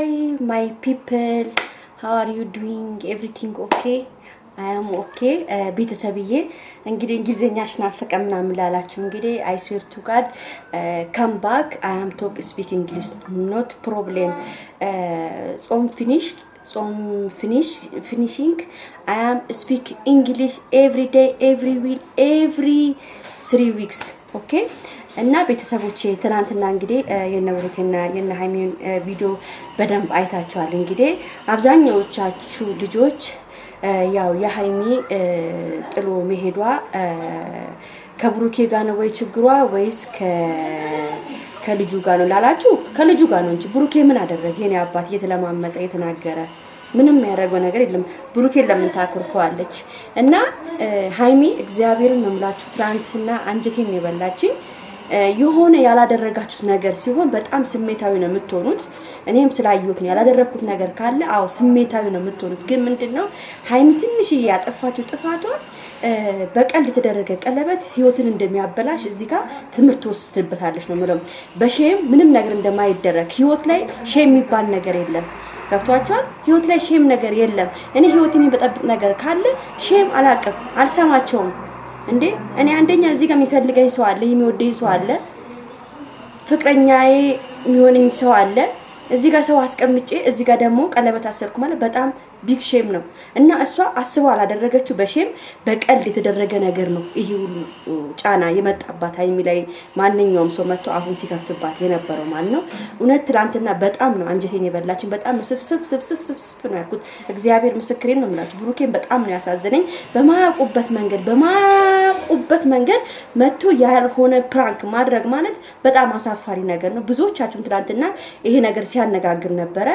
hi my people how are you doing everything okay I am okay ቤተሰብዬ እንግዲህ እንግሊዘኛሽ ናፈቀ ምናምን ላላችሁ እንግዲህ I swear to God come back I am talk speak English not problem ጾም ፊኒሽ ጾም ፊኒሽ ፊኒሽንግ I am speak English every day every week every three weeks okay እና ቤተሰቦቼ ትናንትና እንግዲህ የነብሩክና የነሀይሚን ቪዲዮ በደንብ አይታችኋል። እንግዲህ አብዛኛዎቻችሁ ልጆች ያው የሀይሚ ጥሎ መሄዷ ከብሩኬ ጋር ነው ወይ ችግሯ ወይስ ከልጁ ጋር ነው ላላችሁ፣ ከልጁ ጋር ነው እንጂ ብሩኬ ምን አደረገ? የኔ አባት እየተለማመጠ እየተናገረ ምንም ያደረገው ነገር የለም። ብሩኬን ለምን ታኩርፈዋለች? እና ሀይሚ እግዚአብሔርን ነው መምላችሁ ትናንትና አንጀቴን የበላችኝ የሆነ ያላደረጋችሁት ነገር ሲሆን በጣም ስሜታዊ ነው የምትሆኑት። እኔም ስላየሁት ነው። ያላደረግኩት ነገር ካለ አዎ ስሜታዊ ነው የምትሆኑት። ግን ምንድን ነው ሀይሚ ትንሽዬ ያጠፋችው ጥፋቷ በቀልድ የተደረገ ቀለበት ህይወትን እንደሚያበላሽ እዚህ ጋር ትምህርት ትወስድበታለች ነው የምለው። በሼም ምንም ነገር እንደማይደረግ ህይወት ላይ ሼም የሚባል ነገር የለም። ገብቷቸዋል። ህይወት ላይ ሼም ነገር የለም። እኔ ህይወት የሚበጠብጥ ነገር ካለ ሼም አላቅም፣ አልሰማቸውም እንዴ እኔ አንደኛ እዚህ ጋር የሚፈልገኝ ሰው አለ፣ የሚወደኝ ሰው አለ፣ ፍቅረኛዬ የሚሆነኝ ሰው አለ። እዚህ ጋር ሰው አስቀምጬ እዚህ ጋር ደግሞ ቀለበት አሰርኩ ማለት በጣም ቢግ ሼም ነው እና እሷ አስበው አላደረገችው በሼም በቀልድ የተደረገ ነገር ነው። ይህ ሁሉ ጫና የመጣባት ሀይሚ ላይ ማንኛውም ሰው መጥቶ አፉን ሲከፍትባት የነበረው ማለት ነው። እውነት ትላንትና በጣም ነው አንጀቴን የበላችን። በጣም ስፍስፍ ስፍስፍ ስፍስፍ ነው ያልኩት። እግዚአብሔር ምስክሬን ነው የምላችሁ። ብሩኬን በጣም ነው ያሳዘነኝ። በማያውቁበት መንገድ በማያውቁበት መንገድ መጥቶ ያልሆነ ፕራንክ ማድረግ ማለት በጣም አሳፋሪ ነገር ነው። ብዙዎቻችሁም ትላንትና ይሄ ነገር ሲያነጋግር ነበረ።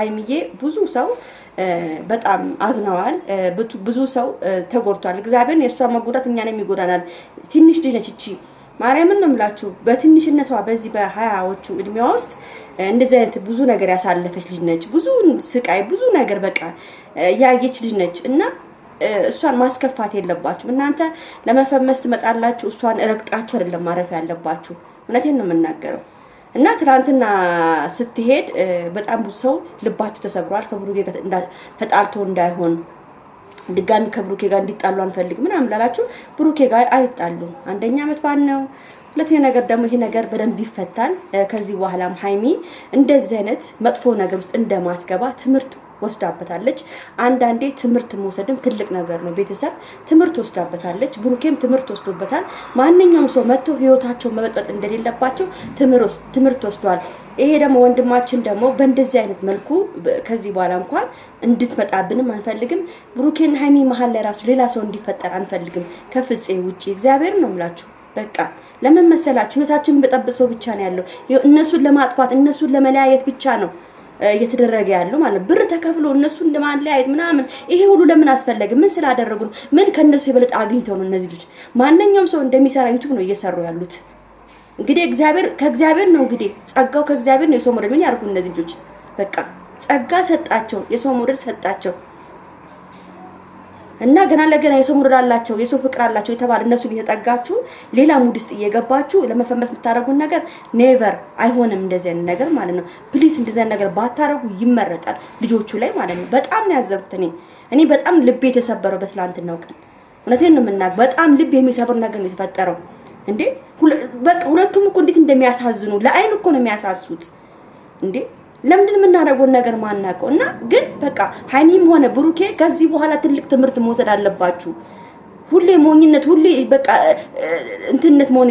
ሀይሚዬ ብዙ ሰው በጣም አዝነዋል። ብዙ ሰው ተጎድቷል። እግዚአብሔርን የእሷ መጎዳት ነው የሚጎዳናል። ትንሽ ልጅ ነች እቺ ማርያምን ነው የምላችሁ። በትንሽነቷ በዚህ በሀያዎቹ እድሜዋ ውስጥ እንደዚህ አይነት ብዙ ነገር ያሳለፈች ልጅ ነች። ብዙ ስቃይ፣ ብዙ ነገር በቃ ያየች ልጅ ነች እና እሷን ማስከፋት የለባችሁም። እናንተ ለመፈመስ ትመጣላችሁ፣ እሷን ረግጣችሁ አይደለም ማረፍ ያለባችሁ። እውነቴን ነው የምናገረው። እና ትናንትና ስትሄድ በጣም ብዙ ሰው ልባችሁ ተሰብሯል። ከብሩኬ ጋር ተጣልቶ እንዳይሆን ድጋሚ ከብሩኬ ጋር እንዲጣሉ አንፈልግ ምናምን ላላችሁ ብሩኬ ጋር አይጣሉም። አንደኛ ዓመት ባል ነው። ሁለተኛ ነገር ደግሞ ይሄ ነገር በደንብ ይፈታል። ከዚህ በኋላም ሀይሚ እንደዚህ አይነት መጥፎ ነገር ውስጥ እንደማትገባ ትምህርት ወስዳበታለች። አንዳንዴ ትምህርት መውሰድም ትልቅ ነገር ነው። ቤተሰብ ትምህርት ወስዳበታለች፣ ብሩኬም ትምህርት ወስዶበታል። ማንኛውም ሰው መጥቶ ህይወታቸው መበጥበጥ እንደሌለባቸው ትምህርት ወስዷል። ይሄ ደግሞ ወንድማችን ደግሞ በእንደዚህ አይነት መልኩ ከዚህ በኋላ እንኳን እንድትመጣብንም አንፈልግም። ብሩኬን ሀይሚ መሀል ላይ ራሱ ሌላ ሰው እንዲፈጠር አንፈልግም ከፍፄ ውጭ እግዚአብሔር ነው ምላችሁ በቃ ለምን መሰላችሁ? ህይወታችን በጠብሰው ብቻ ነው ያለው። እነሱን ለማጥፋት እነሱን ለመለያየት ብቻ ነው እየተደረገ ያሉ ማለት ብር ተከፍሎ እነሱን አይት ምናምን ይሄ ሁሉ ለምን አስፈለገ? ምን ስላደረጉ ነው? ምን ከነሱ የበለጠ አግኝተው ነው? እነዚህ ልጅ ማንኛውም ሰው እንደሚሰራ ዩቱብ ነው እየሰሩ ያሉት። እንግዲህ እግዚአብሔር ከእግዚአብሔር ነው እንግዲህ ጸጋው ከእግዚአብሔር ነው። የሰው ሞዴል ምን ያርጉ እነዚህ ልጆች በቃ ጸጋ ሰጣቸው፣ የሰው ሞዴል ሰጣቸው። እና ገና ለገና የሰው ሙድ አላቸው የሰው ፍቅር አላቸው የተባለ እነሱ እየተጠጋችሁ ሌላ ሙድ ውስጥ እየገባችሁ ለመፈመስ የምታደርጉን ነገር ኔቨር አይሆንም። እንደዚህ አይነት ነገር ማለት ነው። ፕሊስ እንደዚህ አይነት ነገር ባታረጉ ይመረጣል። ልጆቹ ላይ ማለት ነው። በጣም ነው ያዘንኩት። እኔ እኔ በጣም ልቤ የተሰበረው በትላንትናው ቀን እውነቴን ነው የምናገር። በጣም ልብ የሚሰብር ነገር ነው የተፈጠረው። እንዴ በቃ ሁለቱም እኮ እንዴት እንደሚያሳዝኑ ለአይን እኮ ነው የሚያሳሱት እንዴ ለምንድን የምናደርገውን ነገር ማናውቀው እና ግን በቃ ሀይሚም ሆነ ብሩኬ ከዚህ በኋላ ትልቅ ትምህርት መውሰድ አለባችሁ። ሁሌ ሞኝነት፣ ሁሌ በቃ እንትነት መሆን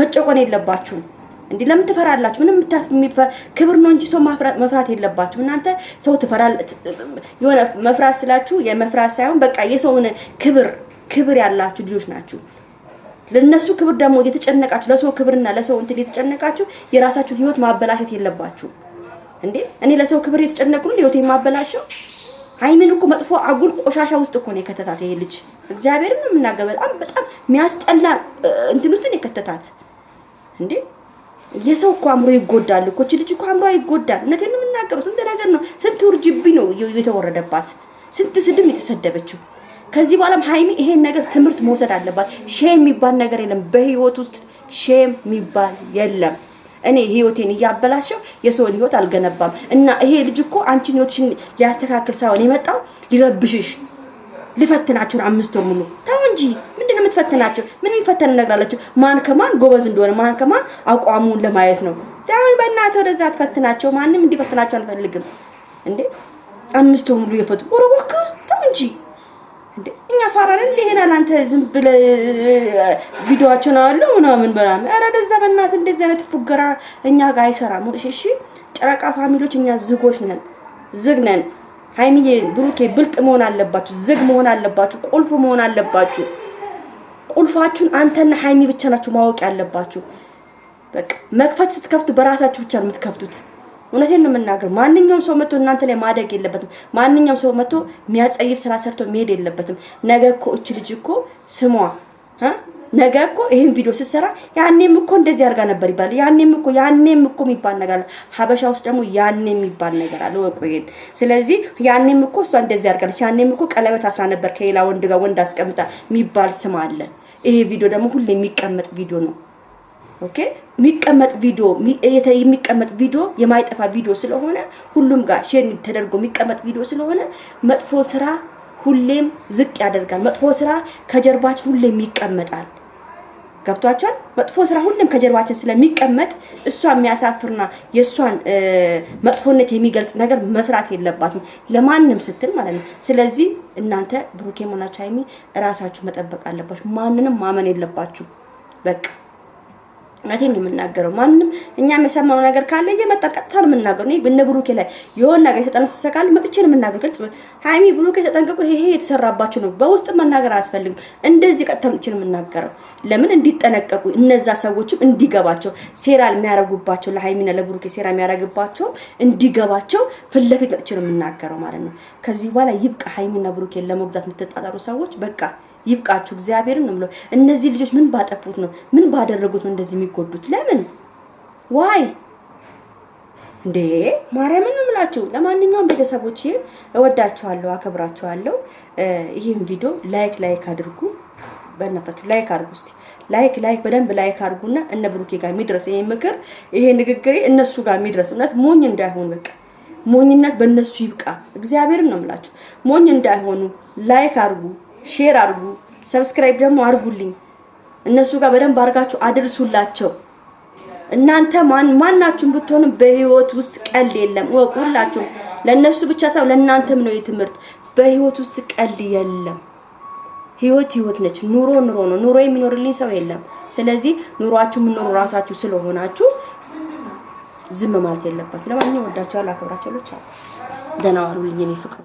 መጨቆን የለባችሁም። እንዲህ ለምን ትፈራላችሁ? ምንም ክብር ነው እንጂ ሰው መፍራት የለባችሁ እናንተ። ሰው ትፈራል የሆነ መፍራት ስላችሁ የመፍራት ሳይሆን በቃ የሰውን ክብር ክብር ያላችሁ ልጆች ናችሁ። ለነሱ ክብር ደግሞ እየተጨነቃችሁ ለሰው ክብርና ለሰው እንትን እየተጨነቃችሁ የራሳችሁን ህይወት ማበላሸት የለባችሁ። እንዴ እኔ ለሰው ክብር የተጨነቁ ነው ህይወቴ የማበላሸው። አይምን እኮ መጥፎ አጉል ቆሻሻ ውስጥ እኮ ነው የከተታት ይሄ ልጅ። እግዚአብሔርን ነው የምናገር። በጣም በጣም የሚያስጠላ እንትን ውስጥ ነው የከተታት። እንዴ የሰው እኮ አእምሮ ይጎዳል እኮ እቺ ልጅ እኮ አእምሮ ይጎዳል። እውነቴን ነው የምናገረው። ስንት ነገር ነው ስንት ውርጅብኝ ነው የተወረደባት፣ ስንት ስድም የተሰደበችው። ከዚህ በኋላም ሀይሚ ይሄን ነገር ትምህርት መውሰድ አለባት። ሼም የሚባል ነገር የለም በህይወት ውስጥ ሼም የሚባል የለም። እኔ ህይወቴን እያበላሸው የሰውን ህይወት አልገነባም። እና ይሄ ልጅ እኮ አንቺን ህይወትሽን ሊያስተካክል ሳይሆን የመጣው ሊረብሽሽ፣ ልፈትናችሁ አምስት ወር ሙሉ ተው እንጂ ምንድነው የምትፈትናቸው? ምን የሚፈተን ነገር አላቸው? ማን ከማን ጎበዝ እንደሆነ ማን ከማን አቋሙን ለማየት ነው። ዳይ በእናትህ ወደዛ አትፈትናቸው። ማንም እንዲፈትናቸው አልፈልግም። እንዴ አምስት ወር ሙሉ የፈቱ ወረወካ ተው እንጂ እኛ ፋራን እንደሄናል አንተ ዝም ብለህ ቪዲዮአቸውን አለው ምናምን በላም። ኧረ ለዛ በእናትህ እንደዚህ አይነት ፉገራ እኛ ጋር አይሰራም። እሺ ጨረቃ ፋሚሊዎች እኛ ዝጎች ነን፣ ዝግ ነን። ሃይሚዬ ብሩኬ፣ ብልጥ መሆን አለባችሁ፣ ዝግ መሆን አለባችሁ፣ ቁልፍ መሆን አለባችሁ። ቁልፋችሁን አንተና ሃይሚ ብቻ ናችሁ ማወቅ ያለባችሁ። በቃ መክፈት ስትከፍቱ በራሳችሁ ብቻ ነው የምትከፍቱት። እውነቴን ነው የምናገር። ማንኛውም ሰው መጥቶ እናንተ ላይ ማደግ የለበትም። ማንኛውም ሰው መጥቶ የሚያጸይፍ ስራ ሰርቶ መሄድ የለበትም። ነገ እኮ እች ልጅ እኮ ስሟ ነገ እኮ ይሄን ቪዲዮ ስትሰራ ያኔም እኮ እንደዚህ አድርጋ ነበር ይባላል። ያኔም እኮ ያኔም እኮ የሚባል ነገር አለ። ሀበሻ ውስጥ ደግሞ ያኔ የሚባል ነገር አለ። ወቁ ይሄን። ስለዚህ ያኔም እኮ እሷ እንደዚህ አድርጋለች፣ ያኔም እኮ ቀለበት አስራ ነበር ከሌላ ወንድ ጋር ወንድ አስቀምጣ የሚባል ስም አለ። ይሄ ቪዲዮ ደግሞ ሁሌ የሚቀመጥ ቪዲዮ ነው። ኦኬ የሚቀመጥ ቪዲዮ የሚቀመጥ ቪዲዮ የማይጠፋ ቪዲዮ ስለሆነ ሁሉም ጋር ሼር ተደርጎ የሚቀመጥ ቪዲዮ ስለሆነ መጥፎ ስራ ሁሌም ዝቅ ያደርጋል። መጥፎ ስራ ከጀርባችን ሁሌም ይቀመጣል። ገብቷቸዋል። መጥፎ ስራ ሁሌም ከጀርባችን ስለሚቀመጥ እሷ የሚያሳፍርና የእሷን መጥፎነት የሚገልጽ ነገር መስራት የለባትም ለማንም ስትል ማለት ነው። ስለዚህ እናንተ ብሩኬ ሆናችሁ ሀይሚ እራሳችሁ መጠበቅ አለባችሁ። ማንንም ማመን የለባችሁ በቃ እውነቴን ነው የምናገረው። ማንም እኛ የሚሰማው ነገር ካለ እየመጣ ቀጥታ ነው የምናገረው። እኔ ብነ ብሩኬ ላይ የሆነ ነገር የተጠነሰሰ ካለ መጥቼ ነው የምናገረው። ግልጽ ሀይሚ ብሩኬ ተጠንቀቁ፣ ይሄ የተሰራባችሁ ነው። በውስጥ መናገር አያስፈልግም። እንደዚህ ቀጥታ መጥቼ ነው የምናገረው። ለምን እንዲጠነቀቁ፣ እነዛ ሰዎችም እንዲገባቸው፣ ሴራ የሚያደርጉባቸው ለሀይሚና ለብሩኬ ሴራ የሚያደርግባቸውም እንዲገባቸው ፊት ለፊት መጥቼ ነው የምናገረው ማለት ነው። ከዚህ በኋላ ይብቃ። ሀይሚና ብሩኬን ለመጉዳት የምትጣጣሩ ሰዎች በቃ ይብቃችሁ። እግዚአብሔርን ነው የምለው። እነዚህ ልጆች ምን ባጠፉት ነው? ምን ባደረጉት ነው እንደዚህ የሚጎዱት? ለምን ዋይ እንዴ ማርያም ነው የምላችሁ። ለማንኛውም ቤተሰቦች እወዳችኋለሁ፣ አከብራችኋለሁ። ይህን ቪዲዮ ላይክ ላይክ አድርጉ፣ በእናታችሁ ላይክ አድርጉ። እስቲ ላይክ ላይክ በደንብ ላይክ አድርጉና እነ ብሩኬ ጋር የሚድረስ ይሄ ምክር ይሄ ንግግሬ እነሱ ጋር የሚድረስ እውነት ሞኝ እንዳይሆን በቃ ሞኝነት በእነሱ ይብቃ። እግዚአብሔርን ነው የምላችሁ ሞኝ እንዳይሆኑ ላይክ አድርጉ። ሼር አድርጉ፣ ሰብስክራይብ ደግሞ አድርጉልኝ። እነሱ ጋር በደንብ አድርጋችሁ አድርሱላቸው። እናንተ ማን ማናችሁም ብትሆኑ በህይወት ውስጥ ቀል የለም ወቁ። ሁላችሁም ለነሱ ብቻ ሳይሆን ለእናንተም ነው የትምህርት። በህይወት ውስጥ ቀል የለም። ህይወት ህይወት ነች። ኑሮ ኑሮ ነው። ኑሮ የሚኖርልኝ ሰው የለም። ስለዚህ ኑሯችሁ የምኖሩ ራሳችሁ ስለሆናችሁ ዝም ማለት የለባችሁ። ለማንኛውም ወዳችኋል፣ አክብራችኋለሁ። ደህና ዋሉልኝ የኔ ፍቅር